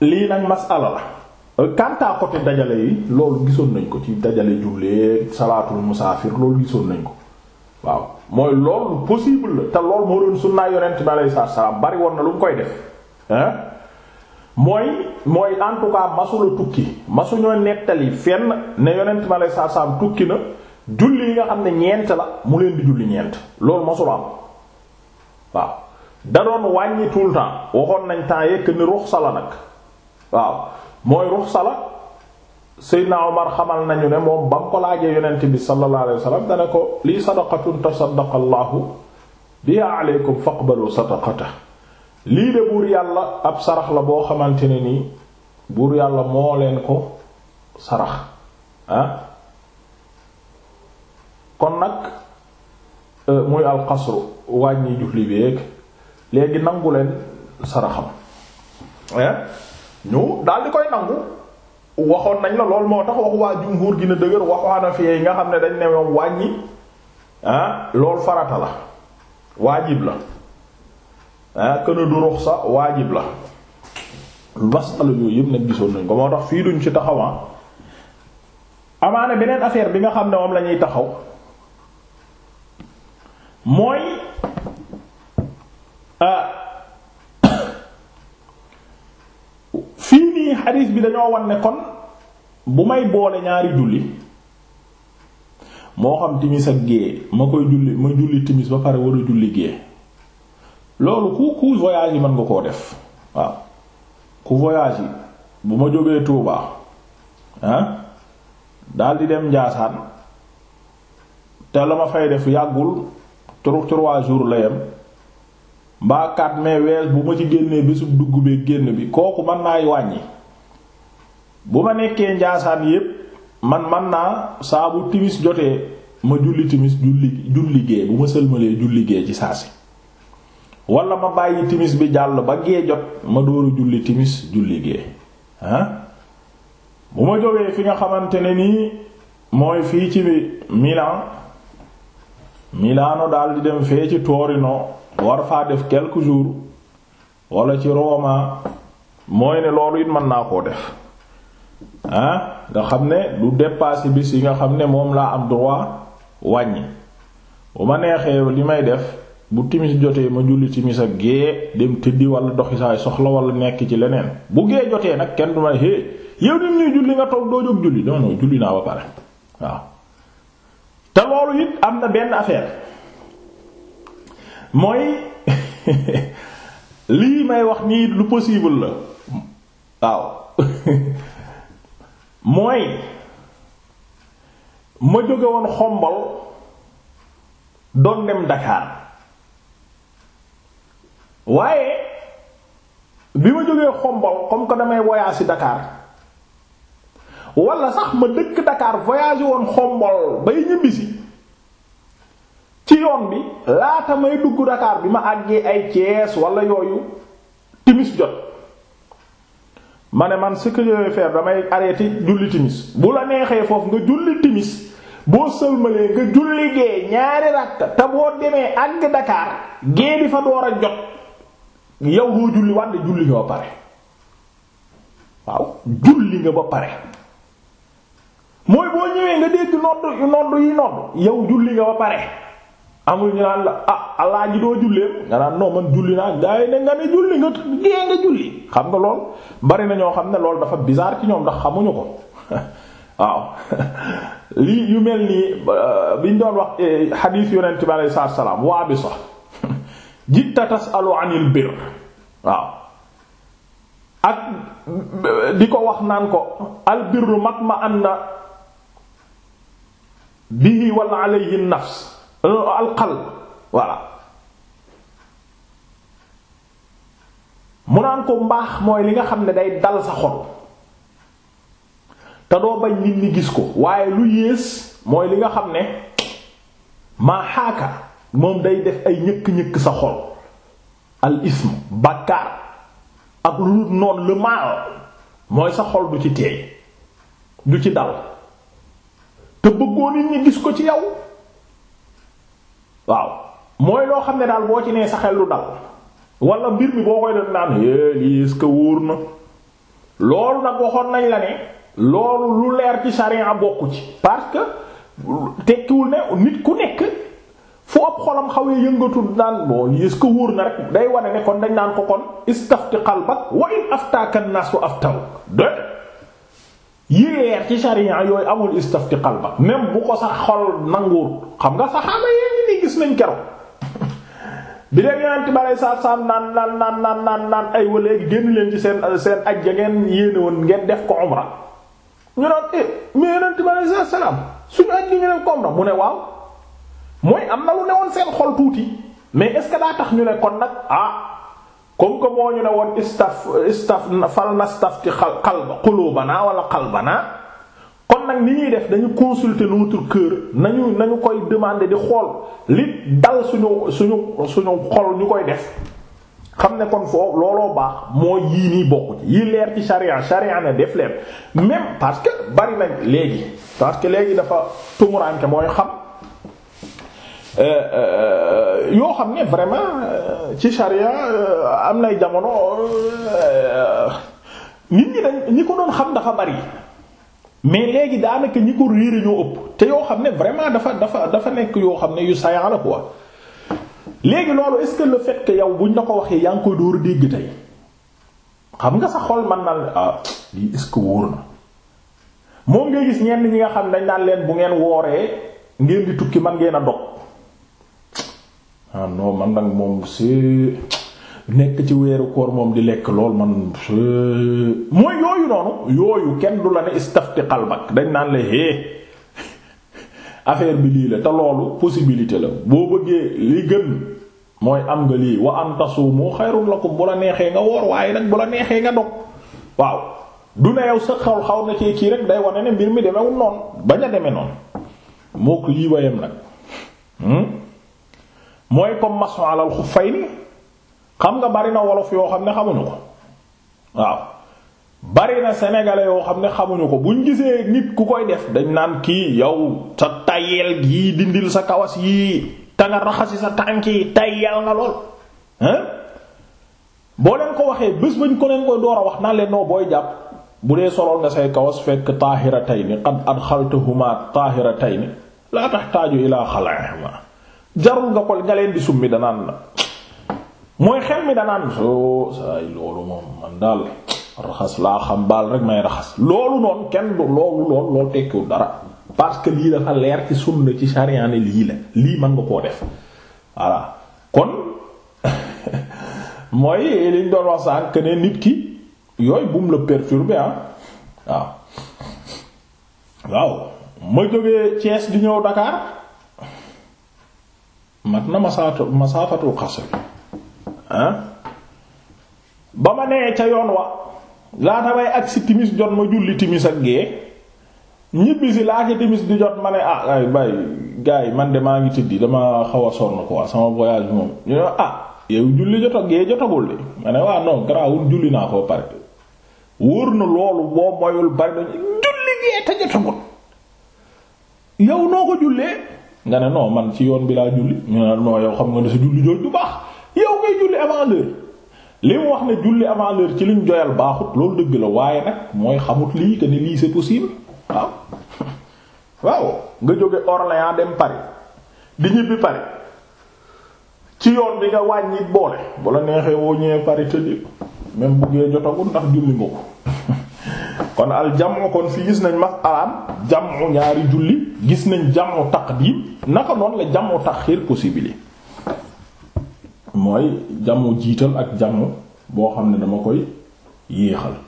lii nag masala la kanta euh, dajale yi loolu gisoon nañ ko ci dajale jullee salaatul musaafir loolu gisoon nañ ko waaw mooy loolu possible la te loolu moo doon sunnaa yonent bi alayhi salaam bari woon na lu mu koy def mooy mooy en tout cas masula tukki masuñoo nettali fenn ne yonent bi alayhi tukki na julli yi nga xam ne ñeent la mu leen di julli ñeent loolu masula am waaw da wàññi tout le temps waxoon nañ temps yekk ni ruxsa la nag waaw mooy ruxsa la Seydina Omar xamal nañu ne moom ba ko laajee yonent bi sallallahu alayhi wasallam dana ko lii sadaqatun tasaddaqa Allahu biha aleykum faqbalu sadaqata lii de buur yàlla ab sarax la boo xamante ne nii buur yàlla moo leen ko sarax ah. kon nag euh, muy alxasru wàññi julli bi léegi nangu leen saraxam eh. ñu daal di koy nangu waxoon nañ la lool moo tax waxu waa jumhuur gi na dëgër waxu Hanafi yi nga xam ne dañ ne moom wàññi ah loolu farata la waajib la ah kën a du ruxsa waajib la masala yooyu yëpp nag gisoon nañ ko moo tax fii duñ ci taxawaan ah. amaane beneen affaire bi nga xam ne moom lañuy taxaw mooy ah, xadiis bi dañoo wan ne bu may boole ñaari julli moo xam timis ak gée ma koy julli ma julli timis ba pare war a julli gée loolu ku ku voyage yi mën nga koo def waaw ku voyage yi bu ma jógee Touba ah daldi dem Njaasaan te la ma fay def yàggul trop trois jours la yem mbaa quatre mai wees bu ma ci génnee bésub dugg bee génn bi kooku mën naay wàññi bu ma nekkee njaasaan yépp man man naa saa timis jotee ma julli timis julli julli gee bu ma sëlmalee julli gee ci saa si wala ma bàyyi timis bi jàll ba gee jot ma dooru julli timis julli gee ah bu ma jógee fi nga xamante ne nii mooy fii ci Milan Milano daal di dem fee ci Torino war faa def quelques jours wala ci Roma mooy ne loolu it mën naa koo def ah nga xam ne du dépasser bis yi nga xam ne moom laa am droit wàññi bu ma neexee li may def bu timis jotee ma julli timis ak gée dem tëddi wala doxi saay soxla wala nekk ci leneen bu gée jotee nag kenn du ma hé yow nit ñuy julli nga toog doo jóg julli non non julli naa ba pare waaw te loolu it am na benn affaire mooy lii may wax nii lu possible la waaw mooy ma jóge woon xombal doon dem Dakar waaye bi ma jógee xombal comme que damay voyage ci Dakar wala sax ma dëkk Dakar voyage woon xombal bay ñibbisi ci yoon bi laata may dugg Dakar bi ma àggee ay Thiès wala yooyu timis jot ma man ce que je vais damay arrêter julli timis bu la neexee foofu nga julli timis boo sëlmalee nga julli gee ñaari rakka te boo demee àgg Dakar gee di fa door a jot yow doo julli wànde julli nga ba pare mooy boo ñëwee nga dégg nodd nodd yi nodd yow julli nga ba pare amul ñu naan la ah, allah ji doo jullee nga naan non man julli naa nga ne julli nga julli xam nga lool bari na ñoo xam ne loolu dafa bizarre ci ñoom ndax xamuñu ko waaw lii yu mel nii euh, biñ doon wax eh, xadiis yonent bi alayhi salaatu salaam waa jitta tasalu anil bir waaw ak di ko wax naan ko al birru mat ma anna bihi wala alayhi nafs al voilà mu naan ko mbaax mooy li nga xam ne day dal sa xol te doo bañ nit ñi gis ko waaye lu yées mooy li nga xam ne maa moom day def ay ñëkk-ñëkk sa xol al ism bàkkaar ak lu dul noon le mooy sa xol du ci teey du ci dal te bëggoo nit ñi gis ko ci yow waaw mooy loo xam ne daal boo ci nee sa xel lu dal wala mbir mi boo koy def naan é eh, lii est-ce wóor na loolu nag waxoon nañ la ne loolu lu leer ci charia bokku ci parce que tekkiwul ne nit ku nekk fu ab xolam xawee yëngatu naan bon lii est-ce na rek day wane ne kon dañ naan ko kon istafti qalbak wa in aftaka an aftaw de yi leer ci charia yooyu amul istafti qalbak même bu ko sax xol nanguur xam nga saxaaba yee ngi ni gis nañ keroog bi leen yonent bi aleyhi salaatu salaam naan naan naan naan naan ay wa léegi génn leen ci seen seen aj ya ngeen yéene woon ngeen def ko umra ñu naan eh mais yonent bi aleyhi salaatu salaam suñu aj ñu def ko umra mu ne waaw mooy am na lu ne woon seen xol tuuti mais est daa tax ñu ne kon nag ah comme que moo ñu ne woon istaf istaf fal nastafti xal xal xuluubanaa wala xalbanaa kon nag ni ñuy def dañu consulter notre cœur nañu nañu koy demander di xool li dal suñu suñu suñu xol ñu koy def xam ne kon foofu looloo baax mooy yii nii bokku ci yi leer ci sharia sharia ne def leen même parce que bari nañ léegi parce que léegi dafa tumuraanke mooy xam euh, euh, yoo xam ne vraiment euh, ci sharia am nay jamono nit ñi dañ ñi ko doon xam dafa bari mais léegi daanaka ñi ko réere ñoo ëpp te yoo xam ne vraiment dafa dafa dafa nekk yoo xam ne yu sayan la ko léegi loolu est-ce fekk le fait que yow buñ la ko waxee yaa ngi koy dóor dégg tey xam nga sa xol mën na ah lii est-ce que wóor gis ñenn ñi nga xam dañ naan leen bu ngeen wooree ngeen di tukki man ngeen a dog ah non man nag moom c'est nekk ci weeru koor moom di lekk lool man euh, mooy yooyu noonu yooyu kenn du la ne istafti qalbak dañ naan la hé affaire bi lii la te loolu possibilité la boo bëggee li gën mooy am nga lii wa an tasuumu neexee nga woor waaye nag bu la neexee nga dog waaw du ne yow sa xaw xaw na cee kii rek day wane ne mbir mi demewul noonu bañ a demee noonu moo ko lii wayam nag hmm? mooy comme maçon alal xuffayni xam nga bari na wolof yoo xam ne xamuñu ko waaw bari na sénégalais yoo xam ne xamuñu ko buñ gisee nit ku koy def dañ naan kii yow sa tayel gii dindil sa kawas yii te nga raxasi sa tànk yi tayel nga lool hein boo leen ko waxee bés bañ ko leen koy door a wax naa leen noo booy jàpp bu dee soloon na say kawas fekk taahiratayni qad adxaltahuma taahiratayni laa taxtaaju ilaa xal'ihima jarul nga ko nga leen di summi danaan la mooy xel mi danaan soo oh, saa yi loolu moom man daal raxas laa xam baal rek may raxas loolu noonu kenn loolu lool loolu tekkiwul dara parce que lii dafa leer ci sunna ci sharia ne lii la lii mën nga koo def voilà kon mooy liñ doon wax sànq ne nit ki yooyu bu mu la bi ah waaw ma jógee Thiès di ñëw Dakar mat na ma masaatu masaafatul xasr ba ma nee ca yoon wa laata may agsi timis jot ma julli timis ak gee ñibbi si laata timis di jot ma ne ah ay bay gars man de maa ngi tëddi dama xaw a sonn quoi sama voyage moom ñu ne ah, waa ah, non garaawul julli naa ko pare wóor na loolu boo moyul bari dañu julli gee te jotagul yow noo ko jullee nga ne non man ci yoon bi laa julli ñu ne non yow xam nga ne sa julli jooju du baax. ngay julli avant li mu wax ne julli avant l'heure ci liñ joyal baaxut loolu dëgg la waaye nag mooy xamut lii que ni lii c'est possible waaw waaw nga jóge Orléans dem Paris di ñibbi Paris ci yoon bi nga wàññi boole bu la neexee woo ñëwee Paris tëdd même buggee jotagul ndax julli nga kon al jamu kon fi gis nañ masalaam jamu ñaari julli gis nañ jamu taqdim naka noon la jamu taxir possible mooy jamu jiital ak jamu boo xam ne dama koy yéexal